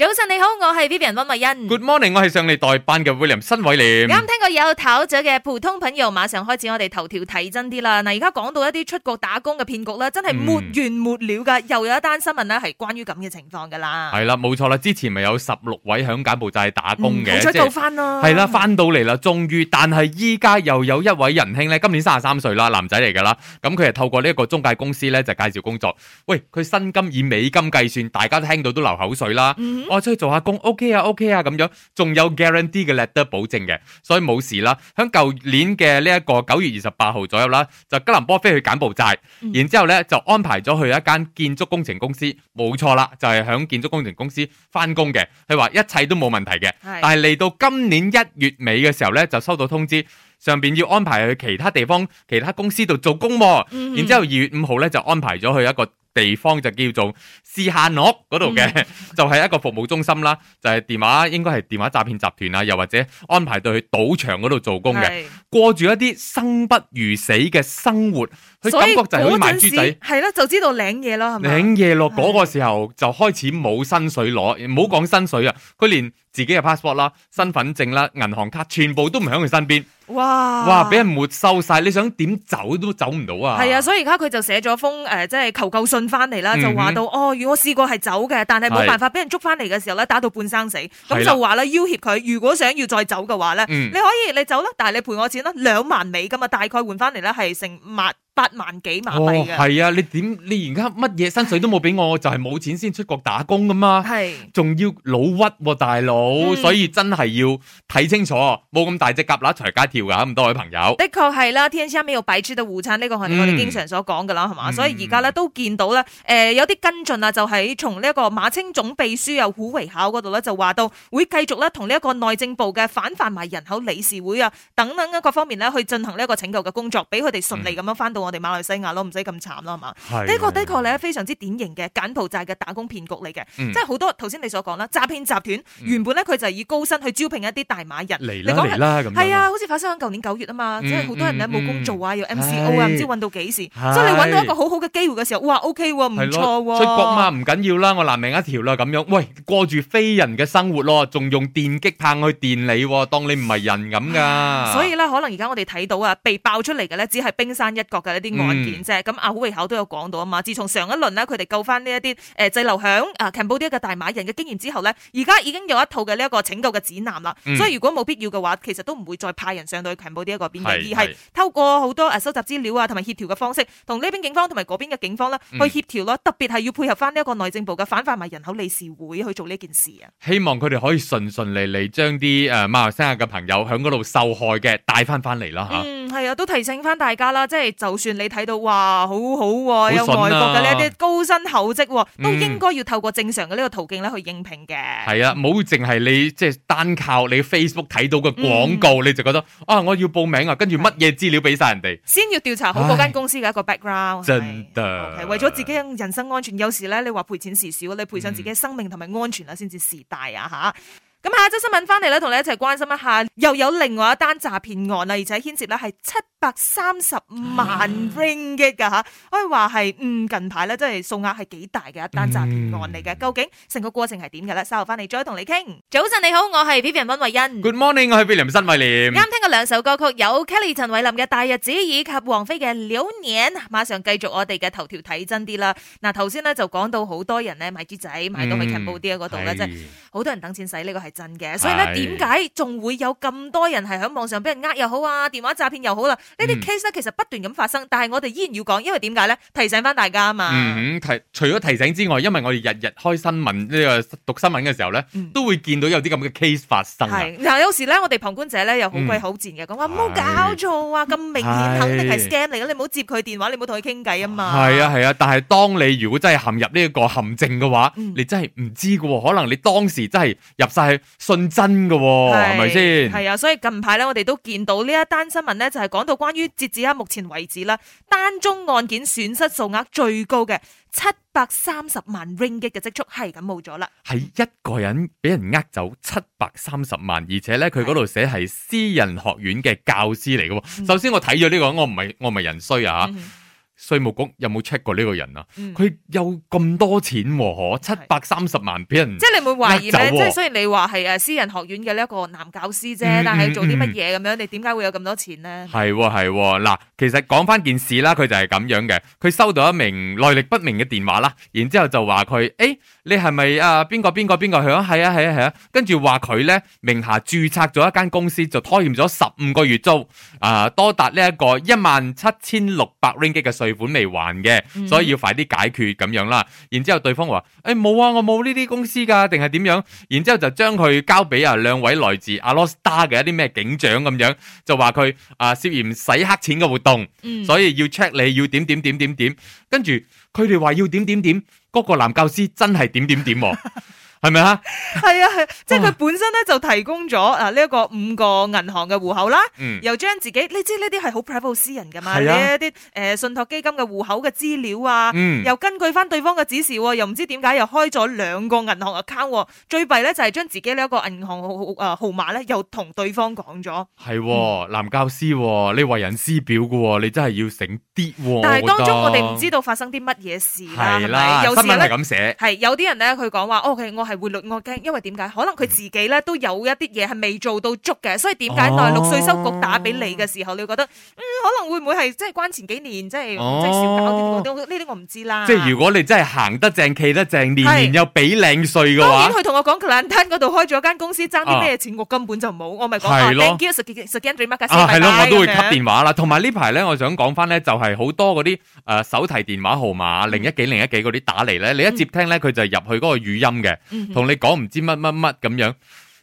早晨你好，我係 Vivian 溫慧欣。Good morning，我係上嚟代班嘅 William 新偉廉。啱聽過有討咗嘅普通朋友，馬上開始我哋頭條睇真啲啦。嗱，而家講到一啲出國打工嘅騙局咧，真係沒完沒了噶。又有一單新聞咧，係關於咁嘅情況噶啦。係啦，冇錯啦，之前咪有十六位響柬埔寨打工嘅，好彩到翻咯。係啦，翻到嚟啦，終於。但係依家又有一位仁兄咧，今年三十三歲啦，男仔嚟噶啦。咁佢係透過呢一個中介公司咧，就介紹工作。喂，佢薪金以美金計算，大家都聽到都流口水啦。嗯哼。我出去做下工，OK 啊，OK 啊，咁樣，仲有 guarantee 嘅 letter 保證嘅，所以冇事啦。喺舊年嘅呢一個九月二十八號左右啦，就吉林波飛去柬埔寨，然之後咧就安排咗去一間建築工程公司，冇錯啦，就係喺建築工程公司翻工嘅。佢話一切都冇問題嘅，但係嚟到今年一月尾嘅時候咧，就收到通知，上邊要安排去其他地方、其他公司度做工喎。然之後二月五號咧就安排咗去一個地方就叫做斯哈諾嗰度嘅，嗯、就係一個服務中心啦，就係、是、電話應該係電話詐騙集團啊，又或者安排到去賭場嗰度做工嘅，是過住一啲生不如死嘅生活，佢以感覺就係好似賣豬仔，係啦就知道領嘢咯，係咪？領嘢咯，嗰、那個時候就開始冇薪水攞，唔好講薪水啊，佢連。自己嘅 passport 啦、身份證啦、銀行卡，全部都唔喺佢身邊。哇！哇！俾人沒收晒。你想點走都走唔到啊！係啊，所以而家佢就寫咗封誒、呃，即係求救信翻嚟啦，就話到、嗯、哼哦，如果試過係走嘅，但係冇辦法俾人捉翻嚟嘅時候咧，打到半生死。咁的就話啦，要挾佢，如果想要再走嘅話咧，嗯、你可以你走啦，但係你賠我錢啦，兩萬美金啊，大概換翻嚟咧係成萬。八萬幾馬幣係啊！你點，你而家乜嘢薪水都冇俾，我就係、是、冇錢先出國打工噶嘛，係是，仲要老屈喎、啊，大佬，所以真係要睇清楚，冇咁大隻蛤乸隨街跳噶，咁多位朋友，的確係啦，t 天仙咩要擺出到互產，呢個係我哋經常所講嘅啦，係嘛，所以而家咧都見到咧，誒有啲跟進啊，就喺從呢一個馬青總秘書又虎為考嗰度咧，就話到會繼續咧同呢一個內政部嘅反販賣人口理事會啊等等一各方面咧去進行呢一個拯救嘅工作，俾佢哋順利咁樣翻到。我哋馬來西亞咯，唔使咁慘啦，係嘛？呢個的確咧，非常之典型嘅柬埔寨嘅打工騙局嚟嘅，即係好多頭先你所講啦，詐騙集團原本咧佢就係以高薪去招聘一啲大馬人嚟啦，係啊，好似發生喺舊年九月啊嘛，即係好多人咧冇工做啊，要 MCO 啊，唔知揾到幾時，所以你揾到一個好好嘅機會嘅時候，哇，OK 喎，唔錯喎，出國嘛，唔緊要啦，我爛命一條啦咁樣，喂，過住非人嘅生活咯，仲用電擊棒去電你，當你唔係人咁㗎，所以咧，可能而家我哋睇到啊，被爆出嚟嘅咧，只係冰山一角嘅。啲、嗯、案件啫，咁阿古力考都有講到啊嘛。自從上一輪呢，佢哋救翻呢一啲誒滯留響啊柬埔寨嘅大馬人嘅經驗之後咧，而家已經有一套嘅呢一個拯救嘅指南啦。嗯、所以如果冇必要嘅話，其實都唔會再派人上到去 c a 柬埔寨呢一個邊境，而係透過好多誒收集資料啊，同埋協調嘅方式，同呢邊警方同埋嗰邊嘅警方咧、嗯、去協調咯。特別係要配合翻呢一個內政部嘅反販賣人口理事會去做呢件事啊。希望佢哋可以順順利利將啲誒馬來西亞嘅朋友響嗰度受害嘅帶翻翻嚟啦吓。啊嗯啊係啊，都提醒翻大家啦，即係就算你睇到哇，好好、啊、有外國嘅呢啲高薪厚職，嗯、都應該要透過正常嘅呢個途徑咧去應聘嘅。係啊，唔好淨係你即係單靠你 Facebook 睇到個廣告，嗯、你就覺得啊，我要報名啊，跟住乜嘢資料俾晒人哋。先要調查好嗰間公司嘅一個 background。真唉的，的 okay，為咗自己人身安全，有時咧你話賠錢事小，你賠上自己生命同埋安全啊，先至事大啊吓。咁下周新聞翻嚟咧，同你一齊關心一下，又有另外一單詐騙案啦，而且牽涉咧，係七百三十萬 ringgit 噶吓，啊、可以話係嗯近排咧，即係數額係幾大嘅一單詐騙案嚟嘅。嗯、究竟成個過程係點嘅咧？稍後翻嚟再同你傾。早晨你好，我係 Vivian 溫慧欣。Good morning，我係 Billam 申慧廉。啱聽過兩首歌曲有 Kelly 陳慧琳嘅《大日子》以及王菲嘅《流年》，馬上繼續我哋嘅頭條睇真啲啦。嗱、啊，頭先咧就講到好多人咧買豬仔，買到去 Cambodia 嗰度咧，即係好多人等錢使呢、這個係。真嘅，所以咧，點解仲會有咁多人係喺網上俾人呃又好啊，電話詐騙又好啦，啊？呢啲 case 咧，其實不斷咁發生，嗯、但係我哋依然要講，因為點解咧？提醒翻大家啊嘛。嗯，提除咗提醒之外，因為我哋日日開新聞呢個讀新聞嘅時候咧，嗯、都會見到有啲咁嘅 case 發生，啊。有時咧，我哋旁觀者咧又好鬼好賤嘅，講話唔好搞錯啊，咁、嗯、明顯肯定係 scam 嚟嘅，你冇接佢電話，你冇同佢傾偈啊嘛。係啊，係啊，但係當你如果真係陷入呢一個陷阱嘅話，嗯、你真係唔知噶，可能你當時真係入晒信真嘅係咪先？係是啊，所以近排咧，我哋都見到一呢一單新聞咧，就係、是、講到關於截止喺、啊、目前為止啦，單宗案件損失數額最高嘅七百三十萬 ringgit 嘅嘅積蓄係咁冇咗啦。係一個人俾人呃走七百三十萬，而且咧佢嗰度寫係私人學院嘅教師嚟嘅。首先我睇咗呢個，我唔係我唔係人衰啊、嗯稅務局有冇 check 過呢個人啊？佢有咁多錢，嗬，七百三十萬俾人即係你會懷疑咧？即係雖然你話係誒私人學院嘅呢一個男教師啫，但係做啲乜嘢咁樣？你點解會有咁多錢咧？係喎，係喎，嗱，其實講翻件事啦，佢就係咁樣嘅，佢收到一名來歷不明嘅電話啦，然之後就話佢誒，你係咪啊邊個邊個邊個響？係啊係啊係啊，跟住話佢咧名下註冊咗一間公司，就拖欠咗十五個月租，啊多達呢一個一萬七千六百 ringgit 嘅稅。借款未還嘅，所以要快啲解決咁樣啦。然之後對方話：，誒冇啊，我冇呢啲公司噶，定係點樣？然之後就將佢交俾啊兩位來自阿羅斯達嘅一啲咩警長咁樣，就話佢啊涉嫌洗黑錢嘅活動，所以要 check 你要點點點點點，跟住佢哋話要點點點，嗰個男教師真係點點點。係咪啊？係啊，係即係佢本身咧就提供咗啊呢一個五個銀行嘅戶口啦，又將自己你知呢啲係好 private 私人噶嘛，呢一啲誒信託基金嘅戶口嘅資料啊，又根據翻對方嘅指示，又唔知點解又開咗兩個銀行 account，最弊咧就係將自己呢一個銀行號誒號碼咧又同對方講咗，係男教師，你為人師表噶，你真係要醒啲，但係當中我哋唔知道發生啲乜嘢事啦，係啦，有時人係咁寫，係有啲人咧佢講話，OK 我。係會率，我驚，因為點解？可能佢自己咧都有一啲嘢係未做到足嘅，所以點解？內陸稅收局打俾你嘅時候，啊、你會覺得？嗯可能會唔會係即係關前幾年，即係即係少交啲嗰啲？呢啲我唔知啦。即係如果你真係行得正、企得正，年年又俾領稅嘅話，當然佢同我講格蘭敦嗰度開咗間公司，爭啲咩錢，我根本就冇。我咪講緊。係咯。幾多十 c 啊？係啦，我都會扱電話啦。同埋呢排咧，啊、我想講翻咧，就係好多嗰啲誒手提電話號碼零一幾零一幾嗰啲打嚟咧，你一接聽咧，佢就入去嗰個語音嘅，同、嗯、哼你講唔知乜乜乜咁樣。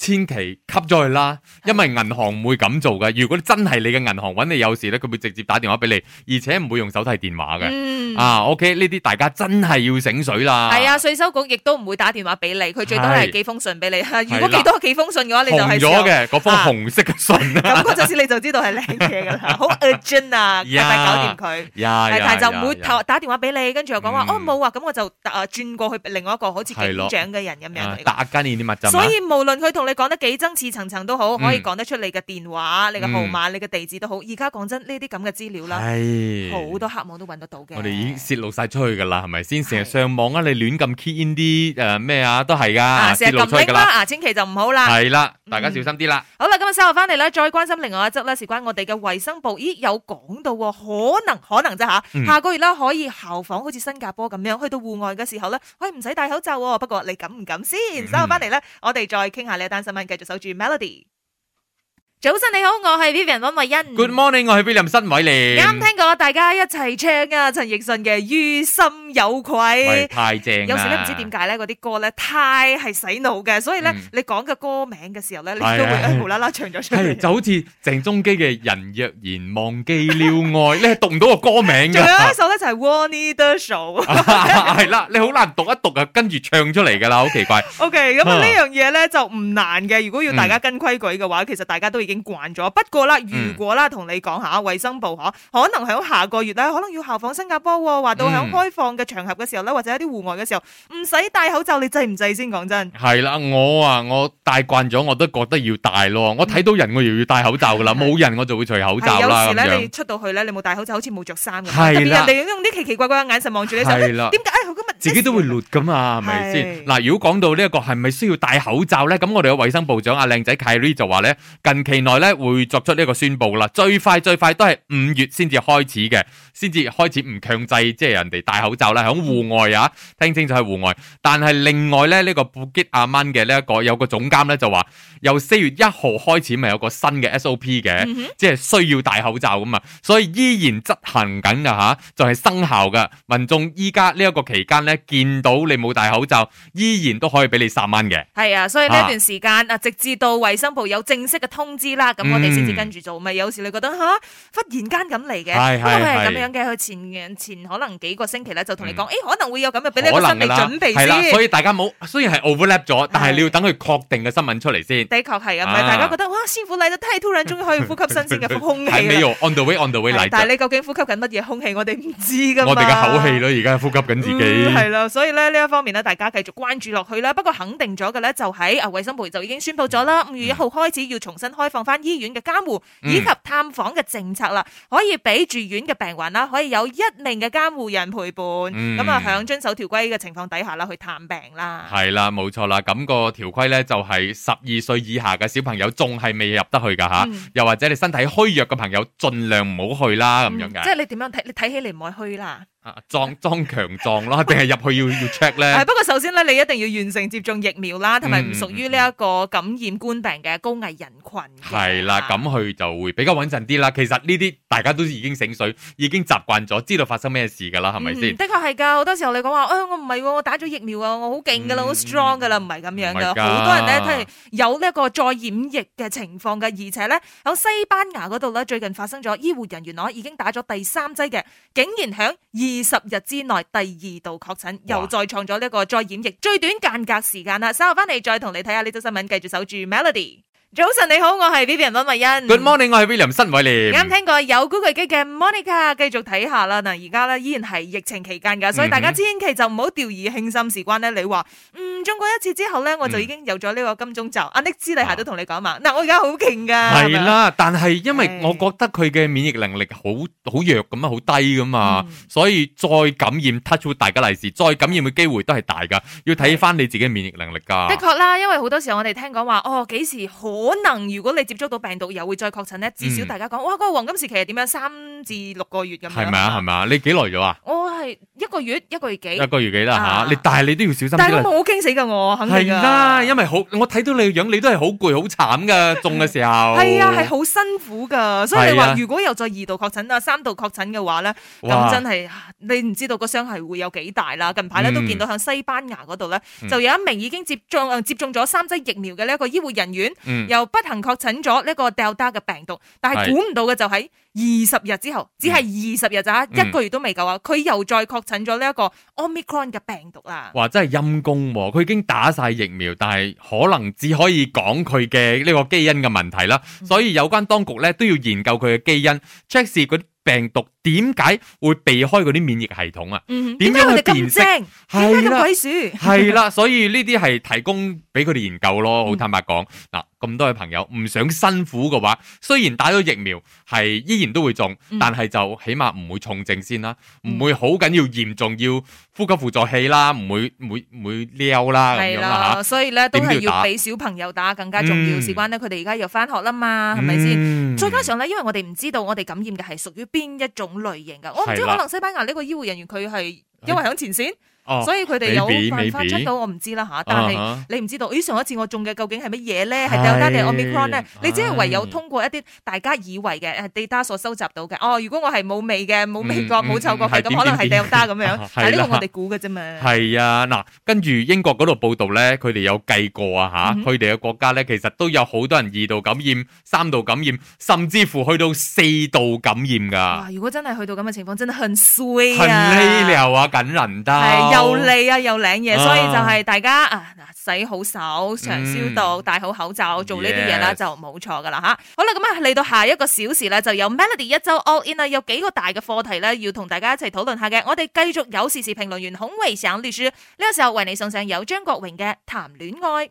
千祈吸咗去啦，因為銀行唔會咁做嘅。如果真的你真係你嘅銀行搵你有事咧，佢會直接打電話俾你，而且唔會用手提電話嘅。嗯啊，OK，呢啲大家真係要醒水啦。係啊，稅收局亦都唔會打電話俾你，佢最多係寄封信俾你。如果寄多幾封信嘅話，你就係紅咗嘅嗰封紅色嘅信。咁嗰陣時你就知道係靚嘢噶啦，好 urgent 啊，快快搞掂佢。係，但係就唔會打打電話俾你，跟住又講話哦冇啊，咁我就誒轉過去另外一個好似警長嘅人咁樣嚟。打今年啲物證。所以無論佢同你講得幾真似層層都好，可以講得出你嘅電話、你嘅號碼、你嘅地址都好。而家講真呢啲咁嘅資料啦，好多黑網都揾得到嘅。我哋已洩露晒出去噶啦，係咪先？成日上網啊，你亂咁 key in 啲誒咩啊，都係噶洩露出去噶啦，啊，千祈就唔好啦。係啦，大家小心啲啦。好啦，今日稍後翻嚟啦，再關心另外一則啦，事關我哋嘅衛生部。咦，有講到可能可能啫吓，下個月咧可以效仿，好似新加坡咁樣，去到戶外嘅時候咧，可以唔使戴口罩。不過你敢唔敢先？稍後翻嚟咧，我哋再傾下呢一單新聞，繼續守住 Melody。早晨你好，我係 Vivian 溫慧欣。Good morning，我係 Bianxin 新偉廉。你啱聽過，大家一齊唱啊！陳奕迅嘅《於心有愧》太正。有時咧唔知點解咧，嗰啲歌咧太係洗腦嘅，所以咧你講嘅歌名嘅時候咧，你都會無啦啦唱咗出嚟。就好似鄭中基嘅《人若然忘記了愛》，你係讀唔到個歌名噶。呢首咧就係《握你的手》，係啦，你好難讀一讀啊，跟住唱出嚟噶啦，好奇怪。OK，咁啊呢樣嘢咧就唔難嘅。如果要大家跟規矩嘅話，其實大家都已。已經慣咗，不過啦，如果啦，同你講下，衛生部嗬，可能喺下個月啦，可能要效仿新加坡，話到喺開放嘅場合嘅時候咧，或者一啲戶外嘅時候，唔使戴口罩，你制唔制先？講真，係啦，我啊，我戴慣咗，我都覺得要戴咯。我睇到人，我又要戴口罩噶啦，冇人我就會除口罩啦。有時咧，你出到去咧，你冇戴口罩，好似冇着衫咁。係啦，特別人哋用啲奇奇怪怪嘅眼神望住你，就點解？自己都會濁噶嘛，係咪先？嗱的，如果講到呢一個係咪需要戴口罩呢？咁我哋嘅衞生部長阿靚仔 Kerry 就話呢，近期內呢，會作出呢一個宣佈啦，最快最快都係五月先至開始嘅，先至開始唔強制即係人哋戴口罩啦，喺的戶外啊，聽清楚喺戶外。但係另外呢，呢、這個布吉亞曼嘅呢一個有個總監呢，就話，由四月一號開始咪有個新嘅 SOP 嘅，嗯、哼即係需要戴口罩咁啊，所以依然執行緊嘅嚇，就係生效嘅。民眾依家呢一個期間咧。見到你冇戴口罩，依然都可以俾你十蚊嘅。係啊，所以呢一段時間啊，直至到衛生部有正式嘅通知啦，咁我哋先至跟住做。咪有時你覺得吓，忽然間咁嚟嘅，因為係咁樣嘅，佢前前可能幾個星期咧就同你講，誒，可能會有咁嘅，俾你個心理準備先。係啦，所以大家冇，雖然係 overlap 咗，但係你要等佢確定嘅新聞出嚟先。的確係啊，唔係大家覺得哇，師傅嚟得太突然，終於可以呼吸新鮮嘅空氣。係冇，on the way，on the way 嚟。但係你究竟呼吸緊乜嘢空氣，我哋唔知噶嘛。我哋嘅口氣咯，而家呼吸緊自己。係啦，所以咧呢一方面咧，大家繼續關注落去啦。不過肯定咗嘅咧，就喺啊衛生部就已經宣佈咗啦，五、嗯、月一號開始要重新開放翻醫院嘅監護以及探訪嘅政策啦。嗯、可以俾住院嘅病患啦，可以有一名嘅監護人陪伴，咁啊響遵守條規嘅情況底下啦，去探病啦。係啦，冇錯啦。咁、嗰個條規咧就係十二歲以下嘅小朋友仲係未入得去噶吓、嗯啊，又或者你身體虛弱嘅朋友盡量唔好去啦咁樣嘅。即係你點樣睇？你睇起嚟唔係虛啦。啊，裝裝強壯咯，定係入去要要 check 咧？係 不過首先咧，你一定要完成接種疫苗啦，同埋唔屬於呢一個感染冠病嘅高危人群。係啦，咁佢就會比較穩陣啲啦。其實呢啲大家都已經醒水，已經習慣咗，知道發生咩事噶啦，係咪先？的確係噶，好多時候你講話，誒、哎，我唔係，我打咗疫苗啊，我好勁噶啦，好 strong 噶啦，唔係咁樣噶。好多人咧，都係有呢一個再染疫嘅情況嘅。而且咧，喺西班牙嗰度咧，最近發生咗醫護人員我已經打咗第三劑嘅，竟然響二十日之內第二度確診，哇又再創咗呢一個再染疫最短間隔時間啦。稍後翻嚟再同你睇下呢則新聞，繼續守住 Melody。Mel 早晨你好，我係 Vivian 溫慧欣。Good morning，我係 William 申偉廉。啱聽過有古巨基嘅 Monica，繼續睇下啦。嗱，而家咧依然係疫情期間噶，所以大家千祈就唔好掉以輕心。事關咧，你話嗯中過一次之後咧，我就已經有咗呢個金鐘罩。阿 Nick 芝麗霞都同你講嘛，嗱、啊啊，我而家好勁噶。係啦，吧但係因為我覺得佢嘅免疫能力好好弱咁啊，好低噶嘛，嗯、所以再感染 touch wood 大吉利是，再感染嘅機會都係大噶，要睇翻你自己嘅免疫能力噶。的確啦，因為好多時候我哋聽講話哦，幾時好。可能如果你接觸到病毒又會再確診咧，至少大家講、嗯、哇，嗰個黃金時期係點樣？三至六個月咁樣。係咪啊？係咪啊？你幾耐咗啊？哦係一個月，一個月幾？一個月幾啦吓！你，但係你都要小心啲。但係冇驚死噶，我肯定。係啦，因為好，我睇到你嘅樣，你都係好攰好慘噶，中嘅時候。係啊，係好辛苦噶，所以你話如果又再二度確診啊，三度確診嘅話咧，咁真係你唔知道個傷害會有幾大啦。近排咧都見到響西班牙嗰度咧，就有一名已經接種接種咗三劑疫苗嘅呢一個醫護人員，又不幸確診咗呢個 Delta 嘅病毒，但係估唔到嘅就喺二十日之後，只係二十日咋，一個月都未夠啊！佢又。再確診咗呢一個 omicron 嘅病毒啦，話真係陰功喎！佢已經打晒疫苗，但係可能只可以講佢嘅呢個基因嘅問題啦。嗯、哼所以有關當局咧都要研究佢嘅基因，Check 測試啲病毒點解會避開嗰啲免疫系統啊？點解佢哋咁精？點解咁鬼鼠。係啦， 啦，所以呢啲係提供俾佢哋研究咯。好坦白講嗱。嗯咁多嘅朋友唔想辛苦嘅話，雖然打咗疫苗係依然都會中，但係就起碼唔會重症先啦，唔、嗯、會好緊要嚴重要呼吸輔助器啦，唔會唔會唔會撩啦係啦的樣所以咧都係要俾小朋友打更加重要，事關咧佢哋而家又翻學啦嘛，係咪先？再加上咧，因為我哋唔知道我哋感染嘅係屬於邊一種類型噶，我唔知可能西班牙呢個醫護人員佢係。因為喺前線，所以佢哋有辦法出到，我唔知啦吓。但係你唔知道，咦上一次我中嘅究竟係乜嘢咧？係 Delta 定係 Omicron 咧？你只係唯有通過一啲大家以為嘅誒，data 所收集到嘅。哦，如果我係冇味嘅，冇味覺，冇嗅覺，係都可能係 Delta 咁樣。但係呢個我哋估嘅啫嘛。係啊，嗱，跟住英國嗰度報道咧，佢哋有計過啊吓，佢哋嘅國家咧，其實都有好多人二度感染、三度感染，甚至乎去到四度感染噶。哇！如果真係去到咁嘅情況，真係很衰啊！緊人得，係、哎、又利啊又靚嘢，uh, 所以就係大家啊，嗱，洗好手，常消毒，嗯、戴好口罩，做呢啲嘢啦，就冇錯噶啦吓。好啦，咁啊嚟到下一個小時咧，就由 Melody 一周 All In 啊，有幾個大嘅課題咧，要同大家一齊討論下嘅。我哋繼續有時事評論員孔維想列師呢個時候為你送上有張國榮嘅談戀愛。